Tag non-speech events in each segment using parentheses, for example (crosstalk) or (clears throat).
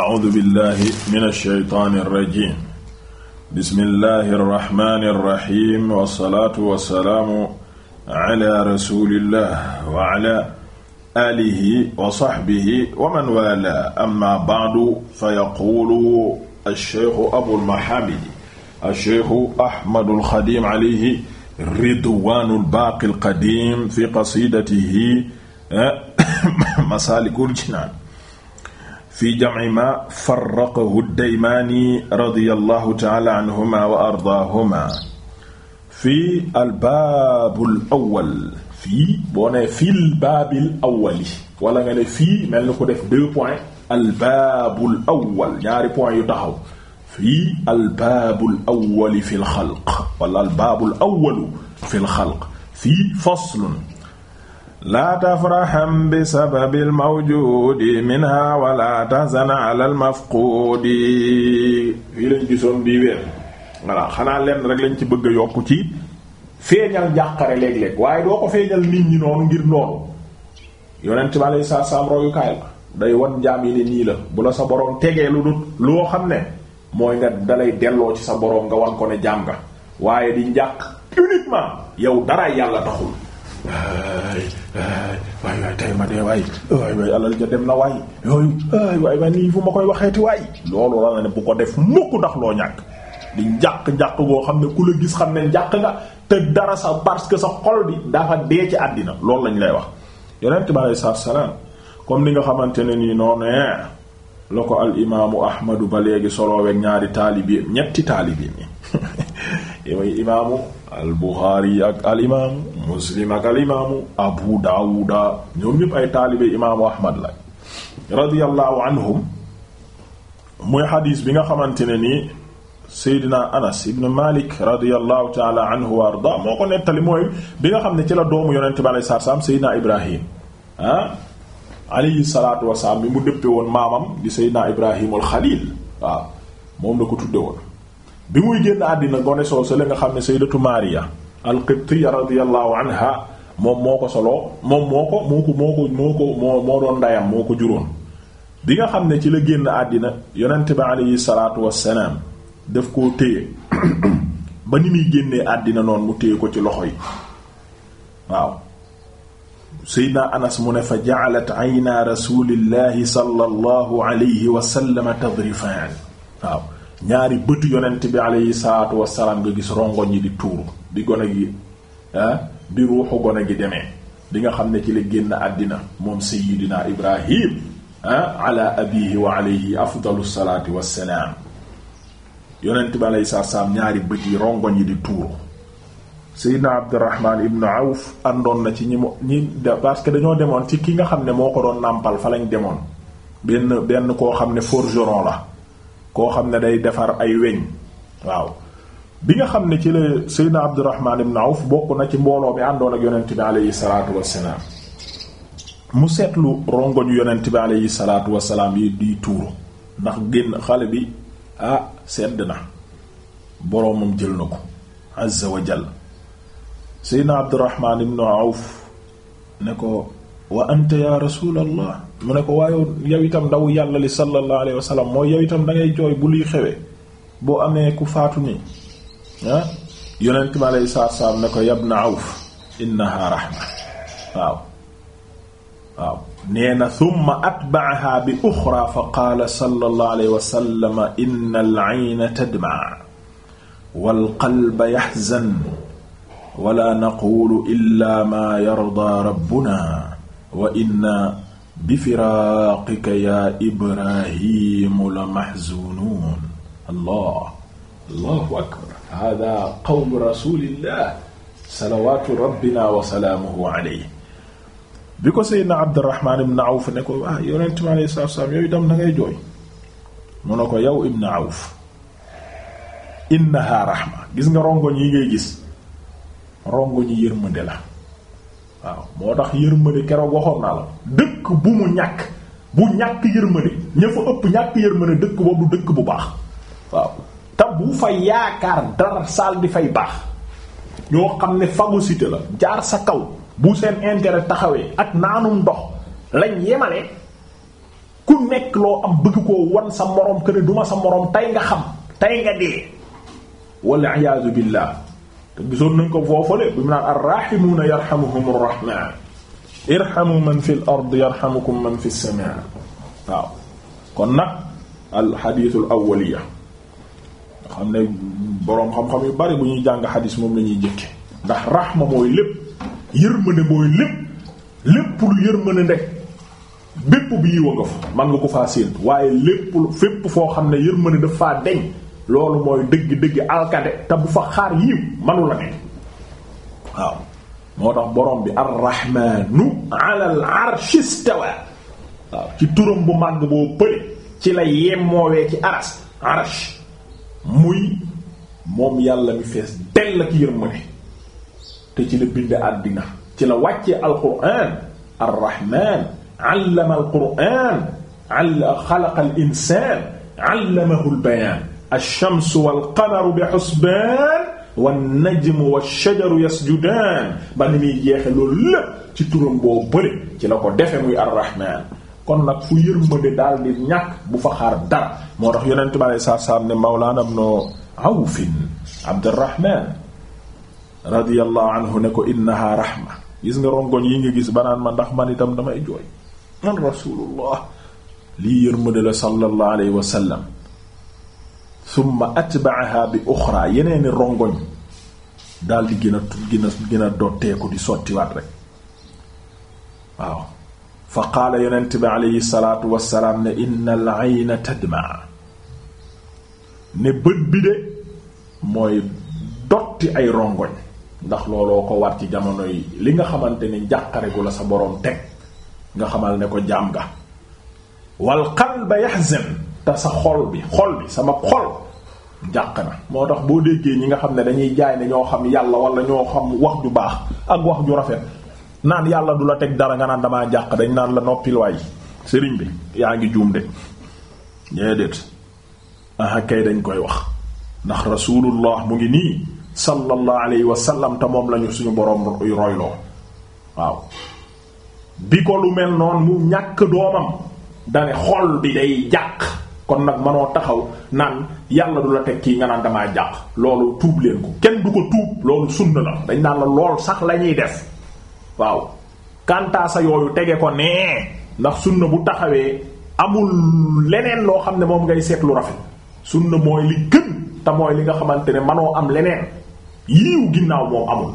acuudu billahi min alsheytaani alrajim bismillahi arrahmani arrahim wassalaatu wassalaamu ala rasulillah wa ala alihi wa saxbihi wa man wala amma bacdu fa yaquulu alsheykhu abulmahamidi alsheykhu ahmadu alxadim alayhi ridwaanu albaaqi alqadim fi qasidatihi masaalikul jinaan fi jam'i ma farraqahu ad-Daymaani radiyallahu ta'ala anhuma wa ardaahuma fii albaabul awwal fii boo nee fil baabil awwali wala nga ne fii mel ni ko def deux points albaabul awwal ñaari points yu taxaw fii albaabul awwali fil xalq wala albaabul awwalu fil xalq fii faslun laa tafraxam bi sababil mawjudi minha wala tahzan ala al mafqudi yi lañ gisoon bii weer xanaa lenn rek lañ ci bëgg a yokk ci feeñal njàqare léeg-léeg waaye doo ko feeñal nit ñi noonu ngir noonu yonent bi aleyhi salaatu salaam royukaay la day wan jaam yi ne nii la bu la sa boroom tegee lu dut loo xam ne mooy nga dalay delloo ci sa boroom nga wan ko ne jaam nga waaye di njàq uniquement yow dara yàlla taxul Eh, waay waay tay ma dee waay waay waay dem na waay waay waay waay nii fu ma koy waxeeti waay loolu la ne bu ko def mukk ndax loo ñàkk di njàq-njàq goo xam ne ku la gis xam ne njàq nga te dara sa parce que sa xol bi dafa dee ci àddina loolu lañ lay wax yonent bi aleyhi salaatu salaam xamante ne nii noonu la ko al imaamu ahmadu ba léegi solooweeg ñaari taalibiim ñetti taalibiim yi (laughs) imaamu al Buxaari ak al imaamu Muslim ak al Abu Daawuda ñoom ñëpp ay taalibe imaamu Ahmad la radiyallahu muy xadiis bi nga xamante ne nii Seydina Anas ibn Malik radiyallahu taala anhu wa arda moo ko nettali mooy bi nga xam ne ci la doomu yonent bi alayhi salaam Seydina Ibrahim ah alayhi salaatu wasalaam bi mu dëppe woon maamam di Seydina Ibrahimul Xaliil waaw moom la ko tudde woon bi muy génn àddina gone soo la nga xam ne sayyidatu Maariya al-Qibtiyya radiyallahu anha moom moo ko soloo moom moo ko moo ko moo ko moo ko moo moo doon ndayam moo ko juróon bi nga xam ne ci la génn àddina yonent bi alayhi salaatu wassalaam daf koo téye (clears throat) ba ni muy génnee àddina noon mu téye ko ci loxo yi waaw seydna anas mu ne fa ja'alat ayna rasulillahi sallallahu waaw ñaari bëtu yonent bi aleyhi salaatu wasalaam nga gis rongoñ yi di tuuru di gone gi ah di ruuxu gone gi demee di nga xam ne ci la génn àddina moom sayidina ibrahim ah ala abihi wa alayhi afdalu salaati wassalaam yonent bi aleyhi salaatu wasalaam ñaari bët yi rongoñ yi di tuuru sayidina abdurrahman ibnu awf àndoon na ci ñi mu ñi parce que dañoo demoon ci ki nga xam ne moo ko doon nàmpal falañ demoon benn benn koo xam ne forgeron la koo xam ne day defar ay weñ waaw bi nga xam ne ci la Seydina Abdurrahman ibn Awf bokk na ci mbooloo mi àndoon ak yonent bi aleyhi salaatu wassalaam mu seetlu rongoñu yonent bi aleyhi salaatu wassalaam yi di tuuru ndax génn xale bi ah sedd na boroomam jël na ko azza wa jalla Seydina Abdurrahman ibn ne ko wa anta ya rasulallah mu ne ko waaye yow itam ndaw yàlla li sallallahu alayhi wa sallam mooy yow itam da ngay jooy bu luy xewee boo amee ku faatu nii ah yonent mi alayhi salaatu salaam ne ko yabna awf innaha rahma waaw waaw nee na thumma atba'aha bi uxra fa qaala sallallahu alayhi wa sallam inna al-'ayna tadma' wal qalba yahzan wala naqulu illa ma yarda rabbuna wa inna bi firaaqika yaa ibrahimu la mahzunuun allah allahu akbar hada qawmu rasulillah salawaatu rabbina wa salaamuhu alayhi bi ko seydna abdirahmaan ibn awf ne ko ah yonent mi ne ko yow ibn awf innaha rahma gis nga rongoñ yi ngay gis rongoñu yërmande la waaw moo tax yërmande keroog waxoon naa la dëkk bu mu ñàkk bu ñàkk yërmande ña fa ëpp ñàkk yërmande dëkk boobu dëkk bu baax waaw te bu fa yaakaar dara saal di fay baax ñoo xam ne phagocyté la jaar sa kaw bu seen intérêt taxawee ak naanum ndox lañ yemale ku nekk loo am bëgg ko wan sa moroom que ne duma sa moroom tey nga xam tey nga dee walla iyaazu billaah te gisoon nañ ko foofale bi mu naan arrahimuuna yarhamuhum arrahman irhamu man fi l ard yarhamukum man fi samaa waaw kon nag al xadiisul awwaliya xam ne boroom xam-xam yu bari bu ñuy jàng xadiis moom la ñuy jëkke ndax rahma mooy lépp yërmande mooy lépp lépp lu yërmande rek bépp bi yiw nga fa man nga ko faa séentu waaye lépp fépp foo xam ne yërmande daf faa deñ loolu mooy dégg dégg alkade te bu fa xaar yiw manula la waaw moo tax borom bi arrahmanu ala al waaw ci turam bu màgg boo përi ci la yemmoowee ci aras arsh muy moom yàlla mi fees dell ak yërmande te ci la bind àddina ci la wàccee alquran arrahman allama alquran xalaqa al insan allamahu ash-shamsu wal-qamaru bi husbaan wan-najmu wash-shajaru yasjudaan ba ni muy jeexe loolu lépp ci turam boo bëri ci la ko defe muy ar-rahmaan kon nag fu yërmande daal di ñàkk bu fa xaar dara moo tax yonent bi alayhi salaatu salaam ne mawlaana ibnu awfin abdurrahmaan radiyallahu anhu ne ko yi nga gis ndax man itam damay lii yërmande la sallallahu alayhi wa sallam summa atbaaha bi uxra yeneeni rongoñ daal di gën a gën a dotteeku di sottiwaat rek waaw fa qaala yonent bi aleyhi salaatu wassalaam ne inna al ayna tadma ne bët bi de mooy dotti ay rongoñ ndax looloo ko war ci jamono yi li nga xamante ni njàqare gu la sa boroom teg nga xamal ne ko jaam nga wal qalba yahzan te sa xol bi xol bi sama xol jàq na moo tax boo déggee ñi nga xam ne dañuy jaay ne ñoo xam yàlla wala ñoo xam wax ju baax ak wax ju rafet naan yàlla du la teg dara nga naan damaa jàq dañ naan la noppil waay sëriñ bi yaa ngi juum de ñee déet aha dañ koy wax ndax rasulullah mu ngi nii sallallahu alayhi wa sallam te moom lañu suñu boroom royloo waaw bi ko lu mel noonu mu ñàkk doomam dane xol bi day jàq kon nag manoo taxaw naan yàlla du la teg kii nga naan damaa jàq loolu tuub leen ko kenn du ko tuub loolu sunna la dañ naan la lool sax la ñuy def waaw kantaasa yooyu tege ko nee ndax sunna bu taxawee amul leneen loo xam ne moom ngay seetlu rafet sunna mooy li kën te mooy li nga xamante ne manoo am leneen yiiw ginnaaw moom amul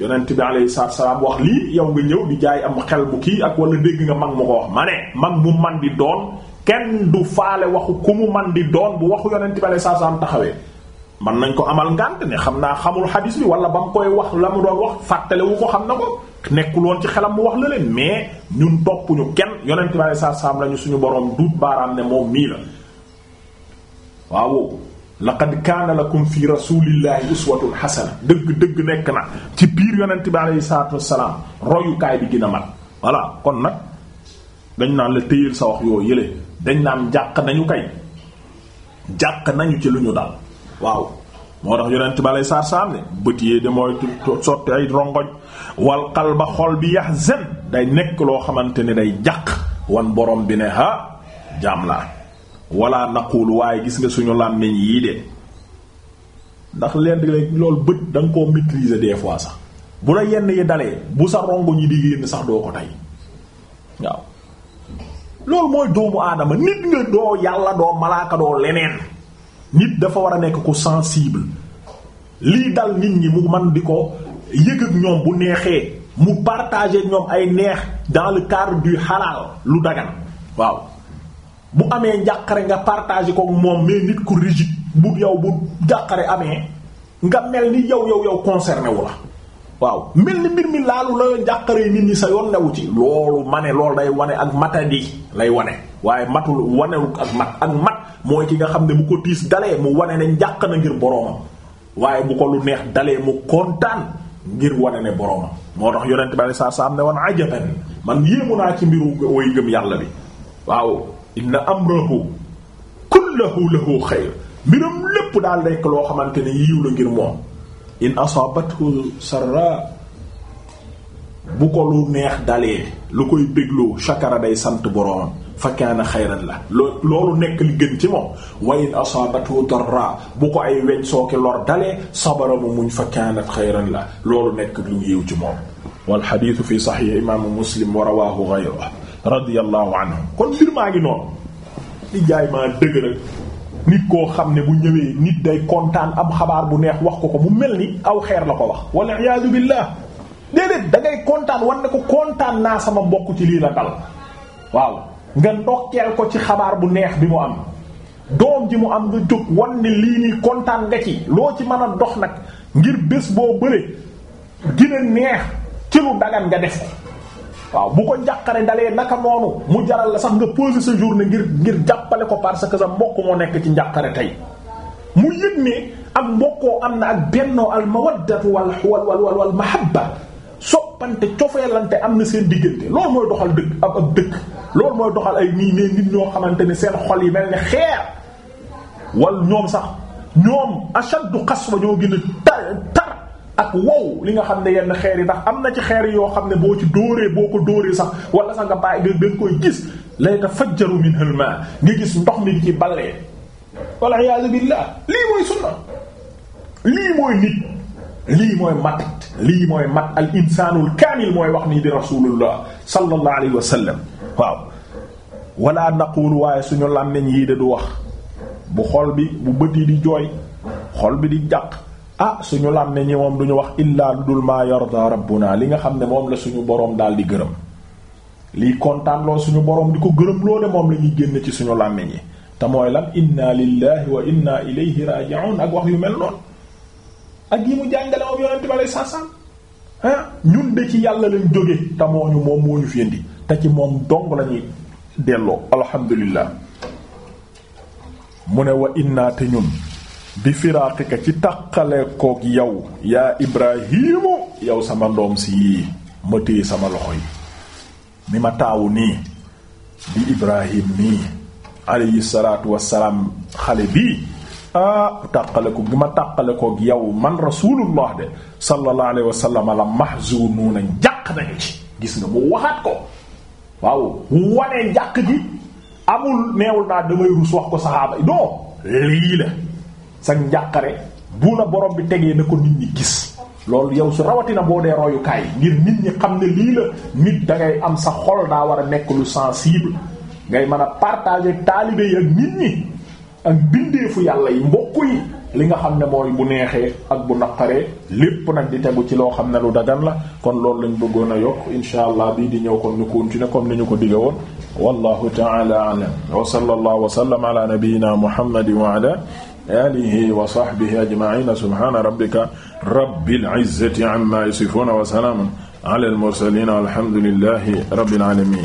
yonent bi alayhi salaam wax lii yow nga ñëw di jaay am xel bu kii ak wala dégg nga mag mu ko wax ma ne mag mu man di doon kenn du faale waxu ku mu man di doon bu waxu yonent bi alei satu salaam taxawee man nañ ko amal ngànt ne xam naa xamul xadis bi wala ba mu koy wax la mu doon wax fàttalewu ko xam na ko nekkul ci xelam mu wax la leen mais ñun topp kenn yonent bi alei satu salaam lañu suñu boroom duut baaraam ne moom mii la waaw laqad kaana lakum fi rasulillahi uswatun hasana dëgg dëgg nekk na ci biir yonent bi aleyhi salatu wasalaam royukaay bi gën a mat voilà kon nag dañ naan la téyel sa dañ naan jàq nañu kay jàq nañu ci lu ñu dal waaw moo tax yonent ba lay saar saam ne bët yee de mooy sotti ay rongoñ wal ba xol bi yahzan day nekk loo xamante ne day jàq wan borom bi ne ha jaam laa wala naqul waaye gis nga suñu làmmiñ yii de ndax leen rek lool bët da ko koo maîtriser des fois sax bu la yenn yi dalee bu sa rongoñ yi di génn sax doo ko tey waaw loolu mooy doomu aadama nit nga doo yàlla doo malaaka doo leneen nit dafa war a nekk ku sensible lii dal nit ñi mu man di ko yëg ak ñoom bu neexee mu partager ñoom ay neex dans le cadre du halal lu dagan waaw bu amee njàqare nga partager ko moom mais nit ku rigide bu yow bu njàqare amee nga mel ni yow yow yow concerné wu la waaw mel ni mbir mi laalu la njàqare nit ñi sa yoon newu ci loolu ma ne loolu day wane ak mata matadi lay wane waaye matul wanewu ak mat ak mat mooy ki nga xam ne bu ko tiis dalee mu wane ne njàq na ngir boroomam waaye bu ko lu neex dalee mu kontaan ngir wane ne boroomam moo tax yonent bale saa saa am ne wan ajaban man yéemu naa ci mbiru way gëm yàlla bi waaw am amrahu kullahu lahu xayr mbiram lépp daal rekk loo xamante ne yiw la ngir moom in asabathu sarra bu ko lu neex dalee lu koy bégloo shakara day sant boroomam fa kaana xayran la loo loolu nekk li gën ci moom wa in asaabatu darra bu ko ay weñ sooki lor dalee sabara mu muñ fa kaanat xayran la loolu nekk lu yiw ci moom walxaditu fi saxix imaamu muslim wa rawahu gayruhu radiallahu anhu kon mbir maa ngi noonu li jaay maa dëgg rek nit koo xam ne bu ñëwee nit day kontaan am xabaar bu neex wax ko ko mu mel ni aw xeer la ko wax walla iyaadu billaah déedéet da ngay kontaan war ne ko kontaan naa sama mbokk ci lii la dal waaw nga ndokkeel ko ci xabaar bu neex bi mu am doom ji mu am nga jóg wan ne lii nii kontaan nga ci loo ci mën a dox nag ngir bés boo bëre dina neex ci lu dagan nga def waaw bu ko njàqare dalee naka noonu mu jaral la sax nga poser sa na ngir ngir jàppale ko parce que sa mbokk moo nekk ci njàqare tey mu yëg ne ak mbokkoo am na ak bennoo al mawaddatu wal wal wal wal mahabba soppante cofeelante am na seen diggante loolu mooy doxal dëkk ab ab dëkk loolu mooy doxal ay nii ne nit ñoo xamante ne seen xol yi mel ne xeer wal ñoom sax ñoom ashaddu qaswa ñoo gën a ak wow li nga xam ne yenn xeer yi ndax am na ci xeer yoo xam ne boo ci dóoree boo ko dóoree sax wala sax nga bàyyi nga nga koy gis lay tafajjaru minhu al-maa nga gis ndox mi ci ballee wal iyaazu billaah lii mooy sunna lii mooy nit lii mooy mat lii mooy mat al kaamil mooy wax nii di rasulullah sallallahu alayhi wa sallam waaw wala naqulu waaye suñu làmmiñ yii de du wax bu xol bi bu bët yi di jooy xol bi di jàq ah suñu làmmiñ ñi moom duñu wax illaa lu dul maa yarda rabbuna li nga xam ne moom la suñu boroom daal di gërëm liy kontaanloo suñu boroom di ko gërëm loo de moom la ñuy génn ci suñu làmmiñ yi te mooy lan inna lillahi wa inna ilayhi raji'un ak wax yu mel noonu ak yi mu jàngale moom yonente ba lay sasam ah ñun de ci yàlla lañ jóge te mooñu moom moo ñu fi te ci moom dong la ñuy delloo alhamdulillah mu ne wa inna te ñun bi firaaqika ci taqale koog yow yaa ibrahimu yow sama ndoom si yii ma téye sama loxo yi ni ma taawu nii di ibrahim nii alayhi salaatu wassalaam xale bii ah taqale ko gi ma taqale kook yow man rasulullah de sallallahu alayhi wasallam la mahzunuuna njàq nañu ci gis nga mu waxaat ko waaw wanee njàq gi amul neewul naa damay rus wax ko saxaaba yi non lii la sa njàqare bu la borom bi tegee na ko nit ñi gis loolu yow su rawatina boo dee royukaay ngir nit ñi xam ne lii la nit da am sa xol daa war a nekk lu sensible ngay mën a partage taalibe yi ak nit ñi ak bindeefu yàlla yi mbokk yi li nga xam ne mooy bu neexee ak bu naqaree lépp nag di tegu ci loo xam ne lu dagan la kon loolu lañ bëggoon a yokk insha allah bii di ñëw kon ñu continuer comme ni ñu ko digge woon wallahu ta'ala a'lam wa sallallahu wa sallam alihi wa sahbihi ajma'ina subhana rabbika rabbil izzati amma yasifuna wa salamun ala al mursalin walhamdulillahi rabbil alamin